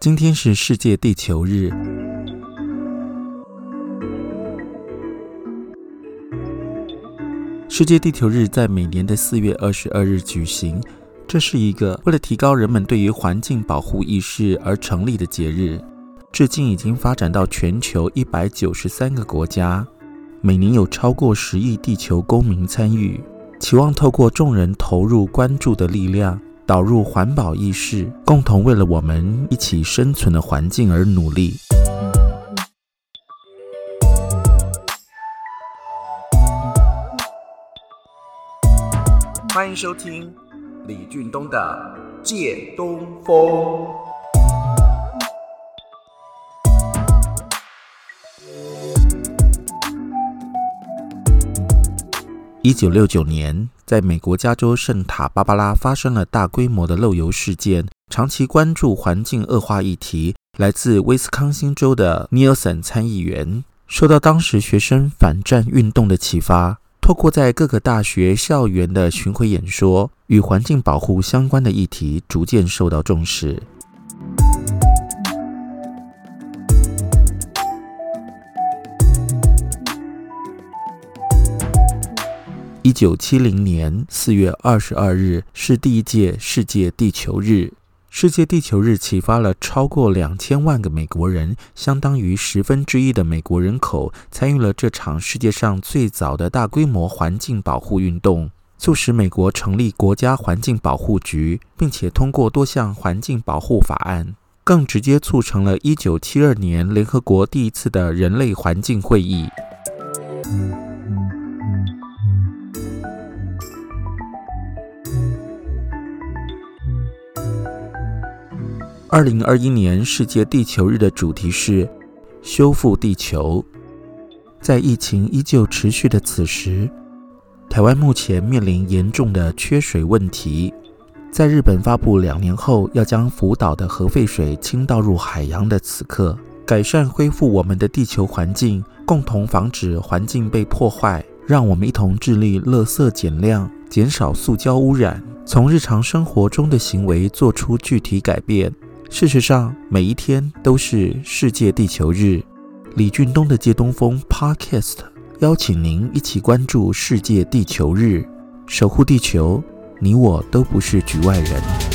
今天是世界地球日。世界地球日在每年的四月二十二日舉行，這是一個為了提高人們對於環境保護意識而成立的節日。至今已經發展到全球一百九十三個國家，每年有超過十億地球公民參與，期望透過眾人投入關注的力量。導入環保意識，共同為了我們一起生存的環境而努力。歡迎收聽李俊東的《借東風》。一九六九年，在美國加州聖塔芭芭拉發生了大規模的漏油事件。長期關注環境惡化議題，來自威斯康星州的尼爾森參議員，受到當時學生反戰運動的啟發，透過在各個大學校園的巡回演說，與環境保護相關的議題逐漸受到重視。一九七零年四月二十二日是第一屆世界地球日。世界地球日啟發了超過兩千萬個美國人，相當於十分之一的美國人口，參與了這場世界上最早的大規模環境保護運動，促使美國成立國家環境保護局，並且通過多項環境保護法案，更直接促成了一九七二年聯合國第一次的人類環境會議。嗯二零二一年世界地球日的主題是修復地球。在疫情依舊持續的此時，台灣目前面臨嚴重的缺水問題。在日本發布兩年後要將福島的核廢水傾倒入海洋的此刻，改善恢復我們的地球環境，共同防止環境被破壞。讓我們一同致力垃圾減量，減少塑膠污染，從日常生活中的行為做出具體改變。事實上，每一天都是世界地球日。李俊東的借東風 Podcast 邀請您一起關注世界地球日，守護地球，你我都不是局外人。